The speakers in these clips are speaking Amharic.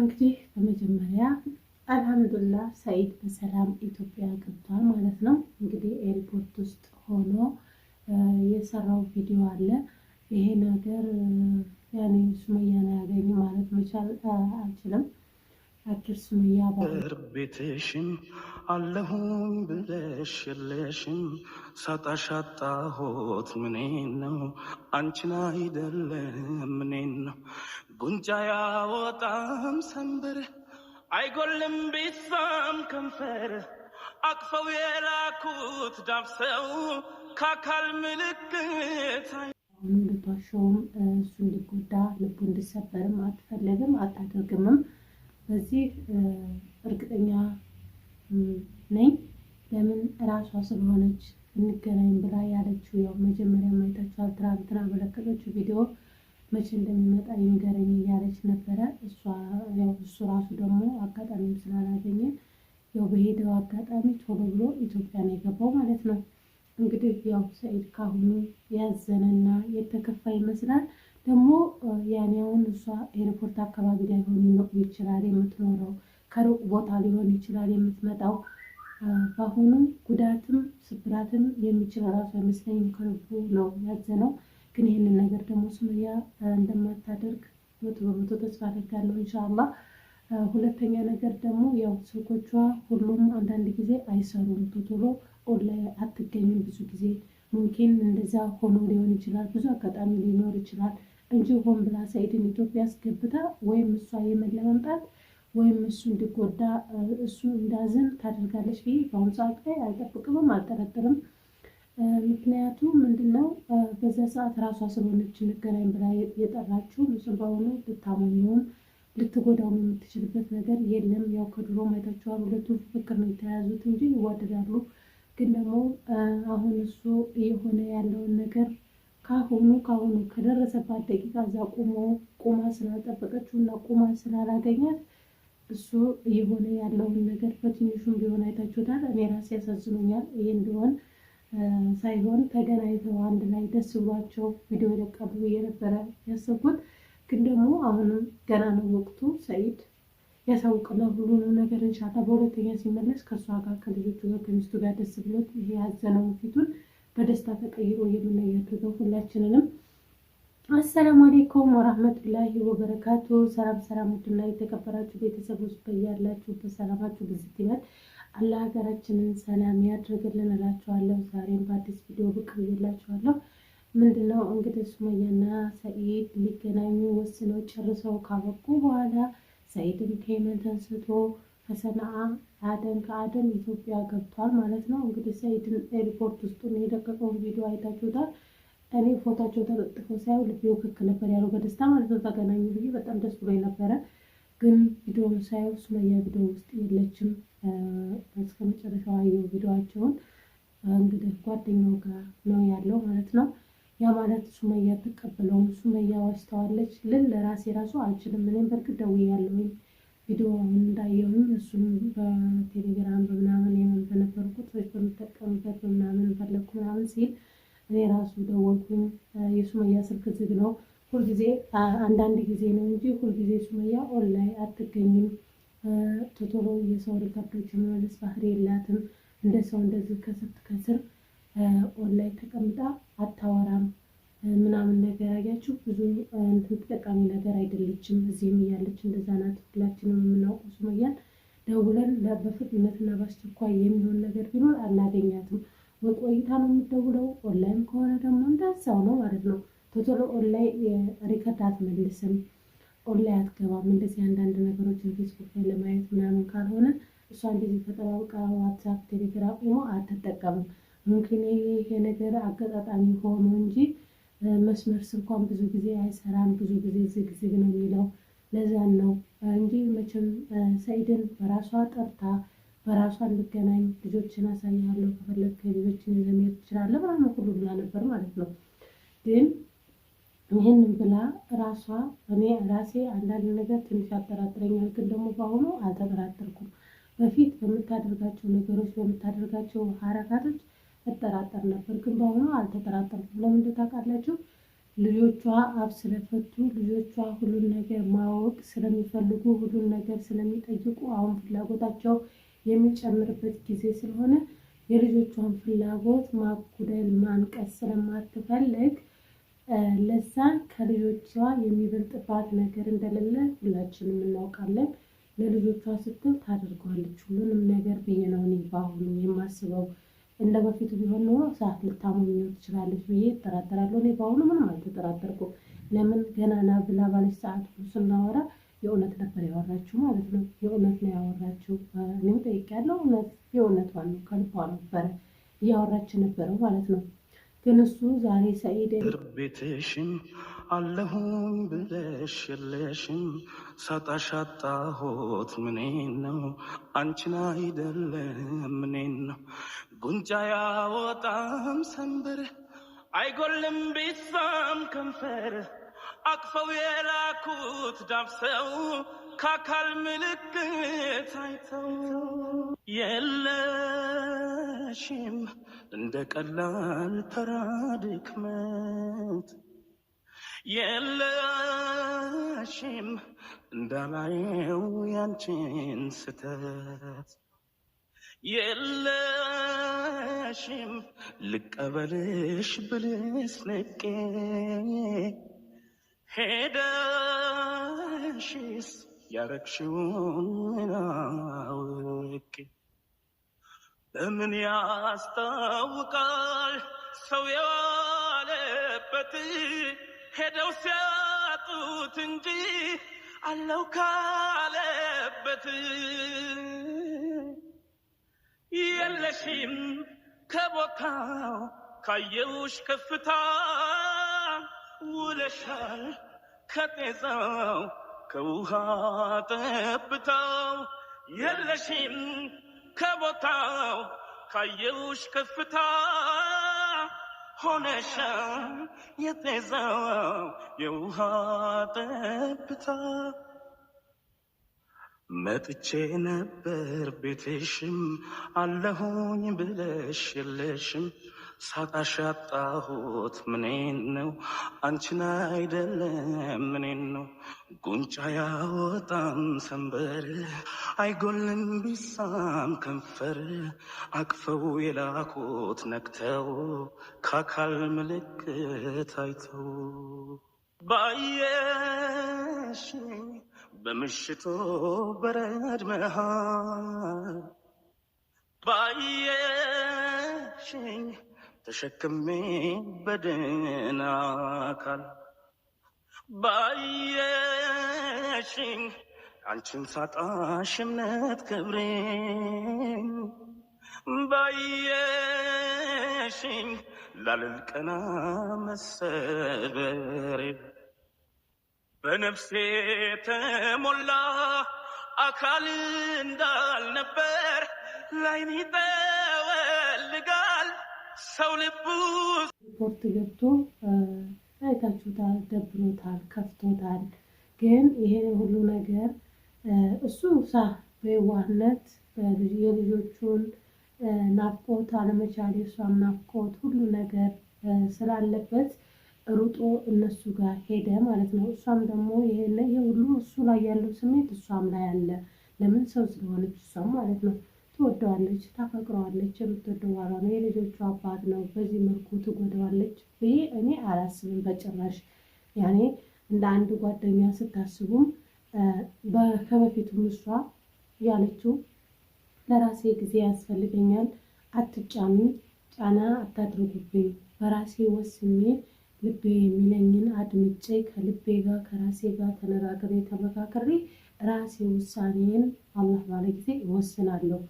እንግዲህ በመጀመሪያ አልሐምዱላ ሰኢድ በሰላም ኢትዮጵያ ገብቷል ማለት ነው። እንግዲህ ኤርፖርት ውስጥ ሆኖ የሰራው ቪዲዮ አለ። ይሄ ነገር ያኔ ሱመያ ነው ያገኝ ማለት መቻል አልችልም። አዲስ ሱመያ ቤትሽን አለሁም ብለሽ የለሽም ሳጣሽ ምኔን ነው አንቺን አይደለም ምኔን ነው ጉንጫ ያወጣም ሰንበር አይጎልም ቢሳም ከንፈር አቅፈው የላኩት ዳብሰው ከአካል ምልክት ሁለቷቸውም እሱ እንዲጎዳ ልቡ እንዲሰበርም አትፈልግም አታደርግምም። በዚህ እርግጠኛ ነኝ። ለምን እራሷ ስለሆነች እንገናኝ ብላ ያለችው ያው መጀመሪያ ማይታችኋል። ትናንትና በለቀቀችው ቪዲዮ መቼ እንደሚመጣ ይንገረኝ እያለች ነበረ። እሱ ራሱ ደግሞ አጋጣሚም ስላላገኘ ያው በሄደው አጋጣሚ ቶሎ ብሎ ኢትዮጵያ ነው የገባው ማለት ነው። እንግዲህ ያው ሰኢድ ካሁኑ ያዘነና የተከፋ ይመስላል። ደግሞ ያኔ አሁን እሷ ኤርፖርት አካባቢ ላይ ሆኖ ይችላል የምትኖረው ከሩቅ ቦታ ሊሆን ይችላል የምትመጣው። በአሁኑ ጉዳትም ስብራትም የሚችል ራሱ አይመስለኝም። ከልቡ ነው ያዘነው። ግን ይህንን ነገር ደግሞ ሱመያ እንደማታደርግ መቶ በመቶ ተስፋ አደርጋለሁ እንሻላ። ሁለተኛ ነገር ደግሞ ያው ስልኮቿ ሁሉም አንዳንድ ጊዜ አይሰሩም፣ ቶቶሎ ኦንላይ አትገኝም። ብዙ ጊዜ ሙምኪን እንደዛ ሆኖ ሊሆን ይችላል፣ ብዙ አጋጣሚ ሊኖር ይችላል እንጂ ሆን ብላ ሰኢድን ኢትዮጵያ አስገብታ ወይም እሷ የመለመምጣት ወይም እሱ እንዲጎዳ እሱ እንዳዝን ታደርጋለች ብዬ በአሁኑ ሰዓት ላይ አልጠብቅምም፣ አልጠረጥርም። ምክንያቱም ምንድነው በዛ ሰዓት ራሷ ስለሆነች እንገናኝ ብላ የጠራችው እሱም በአሁኑ ልታሞኘውም ልትጎዳውም የምትችልበት ነገር የለም። ያው ከድሮ አይታችኋል፣ ሁለቱ ፍቅር ነው የተያያዙት እንጂ ይዋደዳሉ። ግን ደግሞ አሁን እሱ እየሆነ ያለውን ነገር ካሁኑ ካሁኑ ከደረሰባት ደቂቃ እዛ ቁማ ስላልጠበቀችው እና ቁማ ስላላገኛት እሱ የሆነ ያለውን ነገር በትንሹም ቢሆን አይታችሁታል። እኔ ራሴ ያሳዝኑኛል። ይህ ቢሆን ሳይሆን ተገናኝተው አንድ ላይ ደስ ብሏቸው ቪዲዮ ለቀቡ የነበረ ያሰብኩት። ግን ደግሞ አሁንም ገና ነው ወቅቱ። ሰኢድ ያሳውቅና ሁሉንም ነገር እንሻላ በሁለተኛ ሲመለስ ከእሷ ጋር ከልጆቹ ጋር ከሚስቱ ጋር ደስ ብሎት ይሄ ያዘነው ፊቱን በደስታ ተቀይሮ የምናያደርገው ሁላችንንም አሰላሙ አሌይኩም ወራህመቱላሂ ወበረካቱ። ሰላም ሰላም፣ ውድና የተከበራችሁ ቤተሰቦች በያላችሁ በሰላማችሁ ብዝት ይበል። ሀገራችንን ሰላም ያድርግልን እላችኋለሁ። ዛሬም በአዲስ ቪዲዮ ብቅ ምንድነው ምንድን ነው እንግዲህ ሱመያና ሰኢድ ሊገናኙ ወስነው ጨርሰው ካበቁ በኋላ ሰኢድን ከየመን ተንስቶ ከሰናአ አደን ከአደን ኢትዮጵያ ገብቷል ማለት ነው። እንግዲህ ሰኢድን ኤርፖርት ውስጡን የደቀቀውን ቪዲዮ አይታችሁታል። እኔ ፎታቸው ተለጥፎ ሳይሆን ልቤ ክክ ነበር ያለው በደስታ ማለት ነው። ተገናኙ ብዬ በጣም ደስ ብሎ ነበረ። ግን ቪዲዮውን ሳየው ሱመያ ቪዲዮ ውስጥ የለችም። እስከ መጨረሻው አየው ቪዲዮዋቸውን። እንግዲህ ጓደኛው ጋር ነው ያለው ማለት ነው። ያ ማለት ሱመያ ተቀበለውም። ሱመያ ዋሽተዋለች ልል ለራሴ ራሱ አልችልም። እኔም በእርግጥ ደውያለሁኝ ቪዲዮውን እንዳየሁኝ እሱም በቴሌግራም በምናምን የምን በነበሩ ቁጥሮች በምጠቀሙበት በምናምን ፈለግኩ ምናምን ሲል እኔ ራሱ ደወልኩኝ። የሱመያ ስልክ ዝግ ነው ሁልጊዜ፣ አንዳንድ ጊዜ ነው እንጂ ሁልጊዜ ሱመያ ኦንላይን አትገኝም። ቶቶሎ የሰው ሪካርዶች የመመለስ ባህሪ የላትም። እንደ ሰው እንደዚህ ከስር ከስር ኦንላይን ተቀምጣ አታወራም ምናምን ነገር አያችሁ፣ ብዙ እንትን ተጠቃሚ ነገር አይደለችም። እዚህም እያለች እንደዛ ናት። ሁላችንም የምናውቀው ሱመያን ደውለን በፍጥነትና በአስቸኳይ የሚሆን ነገር ቢኖር አላገኛትም። በቆይታ ነው የምትደውለው። ኦንላይን ከሆነ ደግሞ እንዳሳው ነው ማለት ነው። ቶቶሎ ኦንላይን ሪከርድ አትመልስም፣ ኦንላይን አትገባም። እንደዚህ አንዳንድ ነገሮችን ፌስቡክ ላይ ለማየት ምናምን ካልሆነ እሷ እንደዚህ ተጠባብቃ ዋትሳፕ፣ ቴሌግራም ሞ አትጠቀምም። ምክንያቱ ይሄ ነገር አገጣጣሚ ሆኖ እንጂ መስመር ስልኳን ብዙ ጊዜ አይሰራም፣ ብዙ ጊዜ ዝግዝግ ነው የሚለው። ለዛን ነው እንጂ መቼም ሰኢድን በራሷ ጠርታ በራሷ እንድገናኝ ልጆችን አሳያለሁ ከፈለግ ልጆችን ይዘህ መሄድ ትችላለህ ምናምን ሁሉ ብላ ነበር ማለት ነው። ግን ይህንን ብላ ራሷ እኔ ራሴ አንዳንድ ነገር ትንሽ ያጠራጥረኛል። ግን ደግሞ በአሁኑ አልተጠራጠርኩም። በፊት በምታደርጋቸው ነገሮች በምታደርጋቸው ሀረካቶች እጠራጠር ነበር። ግን በአሁኑ አልተጠራጠርኩም። ለምን ታውቃላችሁ? ልጆቿ አፍ ስለፈቱ ልጆቿ ሁሉን ነገር ማወቅ ስለሚፈልጉ ሁሉን ነገር ስለሚጠይቁ አሁን ፍላጎታቸው የሚጨምርበት ጊዜ ስለሆነ የልጆቿን ፍላጎት ማጉደል ማንቀስ ስለማትፈልግ ለዛ ከልጆቿ የሚበልጥባት ነገር እንደሌለ ሁላችንም እናውቃለን። ለልጆቿ ስትል ታደርገዋለች ሁሉንም ነገር ብዬ ነው እኔ በአሁኑ የማስበው። እንደ በፊቱ ቢሆን ኖሮ ሰዓት ልታሞኝ ትችላለች ብዬ እጠራጠራለሁ። እኔ በአሁኑ ምንም አልተጠራጠርኩም። ለምን ገናና ብላ ባለች ሰዓት ስናወራ የእውነት ነበር ያወራችው ማለት ነው። የእውነት ነው ያወራችው። እኔም ጠይቄያለሁ። እውነት የእውነት ነው ከልቧ ነበረ እያወራች ነበረው ማለት ነው። ግን እሱ ዛሬ ሰኢድ ቤትሽን አለሁም ብለሽ የለሽም ሳጣሽ ምኔ ምኔን ነው አንቺን አይደለም ምኔን ነው ጉንጫ ያወጣም ሰንበር አይጎልም ቢሳም ከንፈር አቅፈው የላኩት ዳብሰው ከአካል ምልክት አይተው የለሽም እንደ ቀላል ተራ ድክመት የለሽም እንዳላየው ያንቺን ስተት የለሽም ልቀበልሽ ብልስ ነቄ ሄደሽስ ያረግሽውን አውቄ ለምን ያስታውቃል ሰው የዋለበት ሄደው ሲያጡት እንጂ አለው ካለበት የለሽም ከቦታው ካየውሽ ከፍታ ውለሻል ከጤዛው ከውሃ ጠብታው የለሽም ከቦታው ካየውሽ ከፍታ ሆነሻል የጤዛው የውሃ ጠብታ መጥቼ ነበር ቤትሽም አለሁኝ ብለሽ የለሽም ሳታሻጣሁት ምኔን ነው? አንቺን አይደለም ምኔን ነው? ጉንጫ ያወጣም ሰንበር አይጎልም ቢሳም ከንፈር አቅፈው የላኩት ነክተው ከአካል ምልክት አይተው ባየሽ በምሽቱ በረድ ባየሽኝ ተሸክሜ በደና አካል ባየሽኝ አንቺን ሳጣሽ እምነት ክብሬ ባየሽኝ ላልልቀና መሰበሬ በነፍሴ ተሞላ አካል እንዳልነበር ላይኒጠ ሰው ልቡ ሪፖርት ገብቶ አይታችሁታል፣ ደብሮታል፣ ከፍቶታል። ግን ይሄ ሁሉ ነገር እሱ ሳ በዋህነት የልጆቹን ናፍቆት አለመቻል፣ የእሷም ናፍቆት ሁሉ ነገር ስላለበት ሩጦ እነሱ ጋር ሄደ ማለት ነው። እሷም ደግሞ ይሄ ሁሉ እሱ ላይ ያለው ስሜት እሷም ላይ አለ። ለምን ሰው ስለሆነች እሷም ማለት ነው። ትወደዋለች፣ ታፈቅረዋለች፣ የምትወደው ባሏ ነው፣ የልጆቹ አባት ነው። በዚህ መልኩ ትጎዳዋለች ብዬ እኔ አላስብም በጭራሽ። ያኔ እንደ አንድ ጓደኛ ስታስቡም ከበፊቱም እሷ ያለችው ለራሴ ጊዜ ያስፈልገኛል፣ አትጫኑ፣ ጫና አታድርጉብኝ፣ በራሴ ወስኜ ልቤ የሚለኝን አድምጬ ከልቤ ጋር ከራሴ ጋር ተነጋግሬ ተመካከሬ ራሴ ውሳኔን አላህ ባለ ጊዜ እወስናለሁ።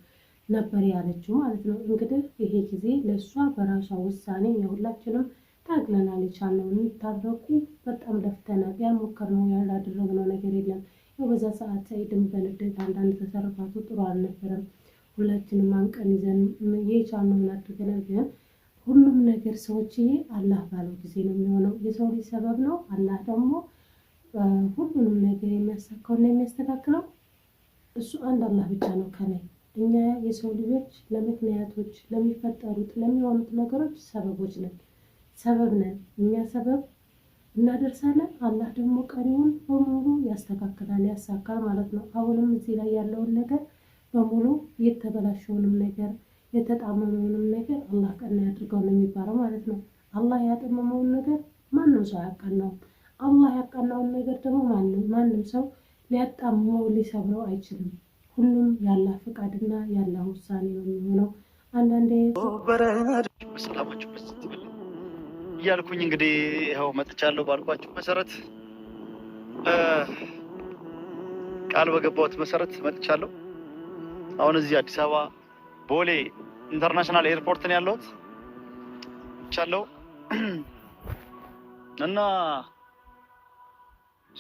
ነበር ያለችው ማለት ነው። እንግዲህ ይሄ ጊዜ ለእሷ በራሷ ውሳኔ የሁላችንም ታግለናል። የቻልነው እንታረቁ በጣም ለፍተናል። ያልሞከርነው ያላደረግነው ነገር የለም። ያው በዛ ሰዓት ሰኢድም በንዴት አንዳንድ ተሰርፋቱ ጥሩ አልነበረም። ሁላችንም አንቀን ይዘን የቻልነውን አድርገናል። ግን ሁሉም ነገር ሰዎችዬ አላህ ባለው ጊዜ ነው የሚሆነው። የሰው ልጅ ሰበብ ነው። አላህ ደግሞ ሁሉንም ነገር የሚያሳካውና የሚያስተካክለው እሱ አንድ አላህ ብቻ ነው ከላይ እኛ የሰው ልጆች ለምክንያቶች፣ ለሚፈጠሩት፣ ለሚሆኑት ነገሮች ሰበቦች ነን። ሰበብ ነን። እኛ ሰበብ እናደርሳለን። አላህ ደግሞ ቀሪውን በሙሉ ያስተካክላል፣ ያሳካል ማለት ነው። አሁንም እዚህ ላይ ያለውን ነገር በሙሉ የተበላሸውንም ነገር የተጣመመውንም ነገር አላህ ቀና ያድርገው ነው የሚባለው ማለት ነው። አላህ ያጠመመውን ነገር ማንም ሰው አያቀናውም። አላህ ያቀናውን ነገር ደግሞ ማንም ሰው ሊያጣምመው ሊሰብረው አይችልም። ሁሉም ያላ ፈቃድና ያላ ውሳኔ ነው የሚሆነው። አንዳንዴ ሰላማችሁ እያልኩኝ እንግዲህ ይኸው መጥቻለሁ። ባልኳችሁ መሰረት ቃል በገባሁት መሰረት መጥቻለሁ። አሁን እዚህ አዲስ አበባ ቦሌ ኢንተርናሽናል ኤርፖርት ነው ያለሁት ቻለው እና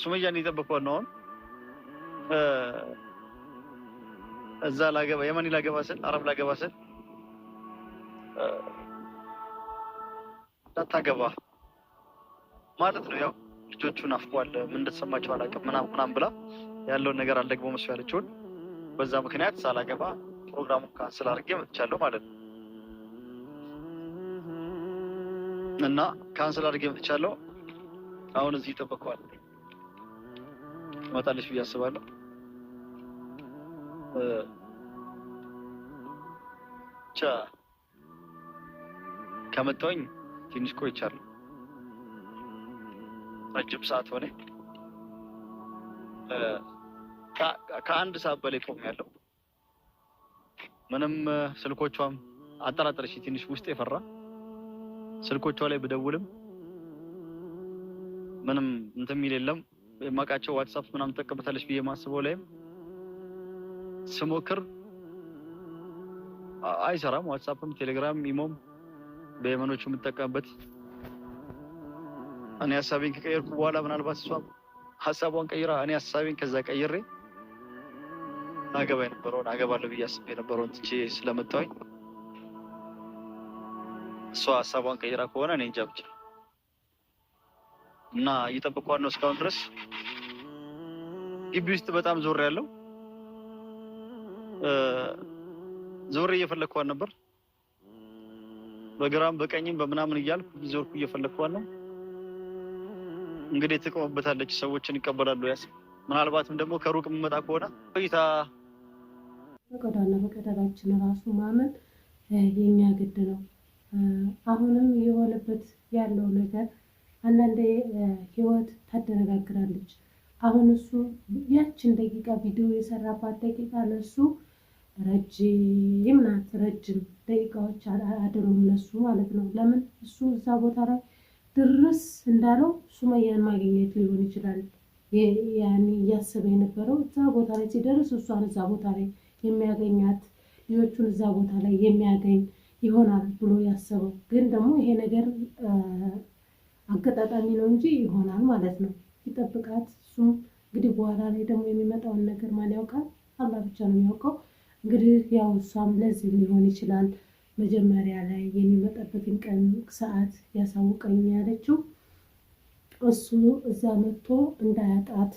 ሱመያን እየጠበቅኳት ነው አሁን እዛ ላገባ የመኒ ላገባ ስል አረብ ላገባ ስል ላታገባ ማለት ነው። ያው ልጆቹን አፍቋል ምን እንደተሰማቸው አላውቅም ምናምን ምናምን ብላ ያለውን ነገር አልደግሞ መስሎ ያለችውን በዛ ምክንያት ሳላገባ ፕሮግራሙ ካንስል አድርጌ መጥቻለሁ ማለት ነው። እና ካንስል አድርጌ መጥቻለሁ። አሁን እዚህ ይጠበቀዋል ትመጣለች ብዬ አስባለሁ። ብቻ ከመጣሁኝ ትንሽ ቆይቻለሁ። ረጅም ሰዓት ሆነ። ከአንድ ሰዓት በላይ ቆሜያለሁ። ምንም ስልኮቿም አጠራጠረች። ትንሽ ውስጥ የፈራ ስልኮቿ ላይ ብደውልም ምንም እንትን የሚል የለም። የማውቃቸው ዋትሳፕ ምናምን ትጠቀምበታለች ብዬ ማስበው ላይም ስሞክር አይሰራም። ዋትሳፕም፣ ቴሌግራም፣ ኢሞም በየመኖቹ የምጠቀምበት እኔ ሀሳቤን ከቀየርኩ በኋላ ምናልባት እሷ ሀሳቧን ቀይራ እኔ ሀሳቤን ከዛ ቀይሬ አገባ የነበረውን አገባለሁ ብዬ አስቤ የነበረውን ትቼ ስለመጣሁኝ እሷ ሀሳቧን ቀይራ ከሆነ እኔ እንጃ ብቻ እና እየጠበኳት ነው እስካሁን ድረስ ግቢ ውስጥ በጣም ዞር ያለው ዞሬ እየፈለግኳት ነበር። በግራም በቀኝም በምናምን እያልኩ ዞርኩ፣ እየፈለግኳት ነው። እንግዲህ ትቆምበታለች፣ ሰዎችን ይቀበላሉ። ያስ ምናልባትም ደግሞ ከሩቅ የምመጣ ከሆነ ቆይታ በቀዳና በቀዳዳችን ራሱ ማመን የኛ ግድ ነው። አሁንም የሆነበት ያለው ነገር አንዳንዴ ህይወት ታደነጋግራለች። አሁን እሱ ያችን ደቂቃ ቪዲዮ የሰራባት ደቂቃ ለሱ ረጅም ናት። ረጅም ደቂቃዎች አደሩም ለሱ ማለት ነው። ለምን እሱ እዛ ቦታ ላይ ድርስ እንዳለው ሱመያን ማግኘት ሊሆን ይችላል ያን እያሰበ የነበረው እዛ ቦታ ላይ ሲደርስ እሷን እዛ ቦታ ላይ የሚያገኛት ልጆቹን እዛ ቦታ ላይ የሚያገኝ ይሆናል ብሎ ያሰበው ግን ደግሞ ይሄ ነገር አገጣጣሚ ነው እንጂ ይሆናል ማለት ነው። ሲጠብቃት እሱም እንግዲህ በኋላ ላይ ደግሞ የሚመጣውን ነገር ማን ያውቃል? አላህ ብቻ ነው የሚያውቀው። እንግዲህ ያው እሷም ለዚህ ሊሆን ይችላል መጀመሪያ ላይ የሚመጣበትን ቀን ሰዓት ያሳውቀኝ ያለችው እሱ እዛ መጥቶ እንዳያጣት፣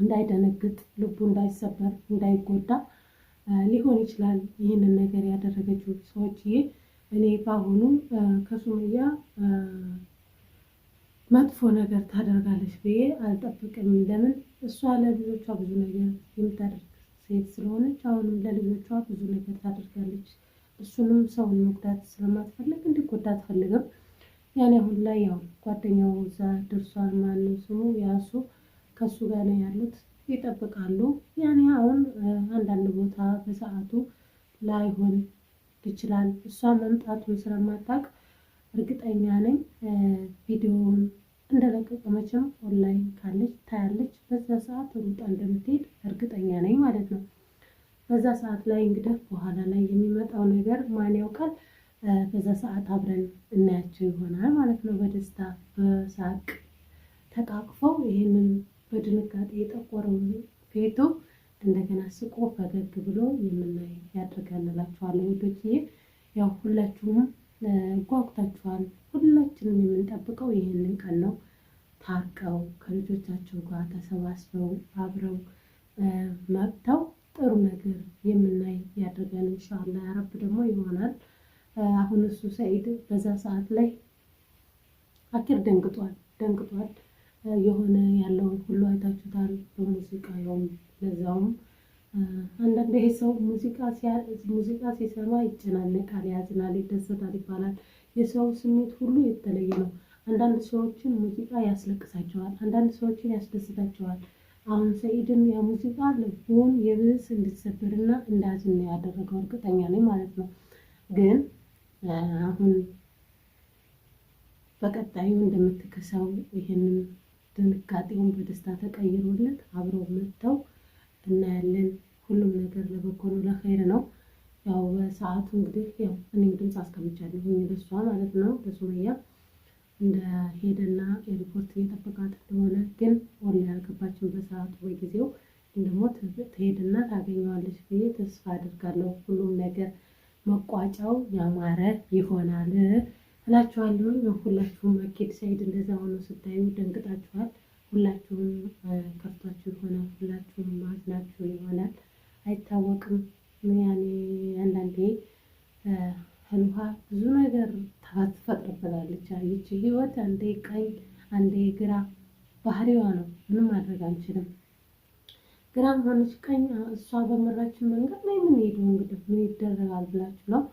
እንዳይደነግጥ፣ ልቡ እንዳይሰበር፣ እንዳይጎዳ ሊሆን ይችላል ይህንን ነገር ያደረገችው። ሰዎችዬ እኔ በአሁኑ ከሱመያ መጥፎ ነገር ታደርጋለች ብዬ አልጠብቅም። ለምን እሷ ለልጆቿ ብዙ ነገር የምታደርግ ሴት ስለሆነች አሁንም ለልጆቿ ብዙ ነገር ታደርጋለች። እሱንም ሰውን መጉዳት ስለማትፈልግ እንዲጎዳ አትፈልግም። ያን አሁን ላይ ያው ጓደኛው እዛ ደርሷል። ማነው ስሙ ያሱ ከሱ ጋር ነው ያሉት፣ ይጠብቃሉ። ያኔ አሁን አንዳንድ ቦታ በሰዓቱ ላይሆን ይችላል። እሷ መምጣቱን ስለማታውቅ እርግጠኛ ነኝ ቪዲዮውን እንደለቀቀ መቼም ኦንላይን ካለች ታያለች። በዛ ሰዓት ሩጣ እንደምትሄድ እርግጠኛ ነኝ ማለት ነው። በዛ ሰዓት ላይ እንግዲህ በኋላ ላይ የሚመጣው ነገር ማን ያውቃል። በዛ ሰዓት አብረን እናያቸው ይሆናል ማለት ነው። በደስታ በሳቅ ተቃቅፈው ይህንን በድንጋጤ የጠቆረው ፌቶ እንደገና ስቆ ፈገግ ብሎ የምናይ ያድርገን ውዶችዬ ያው ሁላችሁም ጓጉታችኋል። ሁላችንም የምንጠብቀው ይህንን ቀን ነው። ታርቀው ከልጆቻቸው ጋር ተሰባስበው አብረው መጥተው ጥሩ ነገር የምናይ ያደርገን እንሻላ ያረብ ደግሞ ይሆናል። አሁን እሱ ሰኢድ በዛ ሰዓት ላይ አኪር ደንግጧል ደንግጧል። የሆነ ያለውን ሁሉ አይታችሁታል። በሙዚቃ ያውም ለዛውም አንዳንድ ይሄ ሰው ሙዚቃ ሲሰማ ይጨናነቃል፣ ያዝናል፣ ይደሰታል ይባላል። የሰው ስሜት ሁሉ የተለየ ነው። አንዳንድ ሰዎችን ሙዚቃ ያስለቅሳቸዋል፣ አንዳንድ ሰዎችን ያስደስታቸዋል። አሁን ሰኢድን ያ ሙዚቃ ልቡን የብስ እንድትሰበርና እንዳዝን ያደረገው እርግጠኛ ነኝ ማለት ነው። ግን አሁን በቀጣዩ እንደምትከሰው ይህንን ድንጋጤውን በደስታ ተቀይሮለት አብረው መጥተው እናያለን። ሁሉም ነገር ለበጎ ነው፣ ለኸይር ነው። ያው በሰዓቱ እንግዲህ ያው እኔም ድምፅ አስቀምጫለሁ ለሷ ማለት ነው ለሱመያ እንደሄደና ኤርፖርት እየጠበቃት እንደሆነ ግን ወላ ያልገባችን በሰዓቱ በጊዜው ደግሞ ትሄድና ታገኘዋለች ብዬ ተስፋ አድርጋለሁ። ሁሉም ነገር መቋጫው ያማረ ይሆናል እላችኋለሁ። ሁላችሁም መኬድ ሳይድ እንደዛ ሆኖ ስታዩ ደንግጣችኋል። ሁላችሁም ከፍቷችሁ የሆነ ሁላችሁም ማዝናችሁ ይሆናል፣ አይታወቅም። ምን ያኔ አንዳንዴ ህልውሃ ብዙ ነገር ትፈጥርብናለች። ይቺ ህይወት አንዴ ቀኝ አንዴ ግራ ባህሪዋ ነው። ምንም ማድረግ አንችልም። ግራም ሆነች ቀኝ እሷ በመራችን መንገድ ላይ ምን ሄዱ እንግዲህ ምን ይደረጋል ብላችሁ ነው።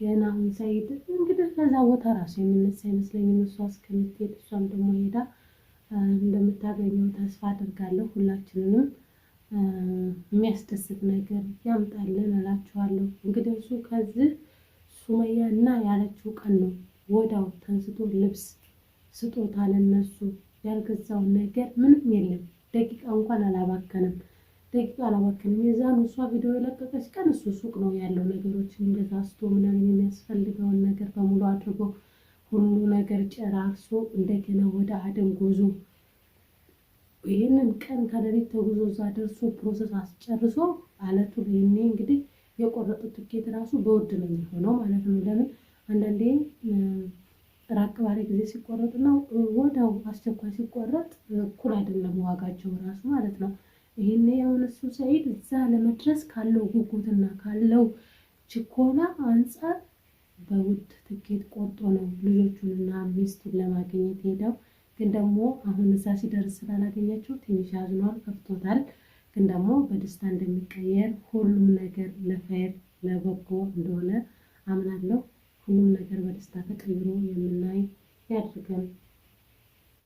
ገና አሁን ሳይሄድ እንግዲህ ከዛ ቦታ ራሱ የምነሳ አይመስለኝም እሷ እስከምትሄድ እሷም ደግሞ ሄዳ እንደምታገኘው ተስፋ አድርጋለሁ። ሁላችንንም የሚያስደስት ነገር ያምጣልን እላችኋለሁ። እንግዲህ እሱ ከዚህ ሱመያ እና ያለችው ቀን ነው። ወዳው ተንስቶ ልብስ ስጦታ ለነሱ ያልገዛውን ነገር ምንም የለም። ደቂቃ እንኳን አላባከንም፣ ደቂቃ አላባከንም። የዛን እሷ ቪዲዮ የለቀቀች ቀን እሱ ሱቅ ነው ያለው ነገሮችን ስቶ ምናምን የሚያስፈልገውን ነገር በሙሉ አድርጎ ሁሉ ነገር ጨራርሶ እንደገና ወደ አደን ጉዞ ይህንን ቀን ከሌሊት ተጉዞ እዛ ደርሶ ፕሮሰስ አስጨርሶ አለቱ ይህኔ እንግዲህ የቆረጡት ትኬት ራሱ በውድ ነው የሚሆነው ማለት ነው። ለምን አንዳንዴ ራቅ ባለ ጊዜ ሲቆረጥ እና ወዲያው አስቸኳይ ሲቆረጥ እኩል አይደለም ዋጋቸው ራሱ ማለት ነው። ይህኔ የሆነ እሱ እዛ ለመድረስ ካለው ጉጉትና ካለው ችኮላ አንጻር በውድ ትኬት ቆርጦ ነው ልጆቹንና ሚስቱን ለማግኘት ሄደው፣ ግን ደግሞ አሁን እዛ ሲደርስ ስላላገኛቸው ትንሽ አዝኗል፣ ከፍቶታል። ግን ደግሞ በደስታ እንደሚቀየር ሁሉም ነገር ለፈየር ለበጎ እንደሆነ አምናለሁ። ሁሉም ነገር በደስታ ተቀይሮ የምናይ ያድርገን።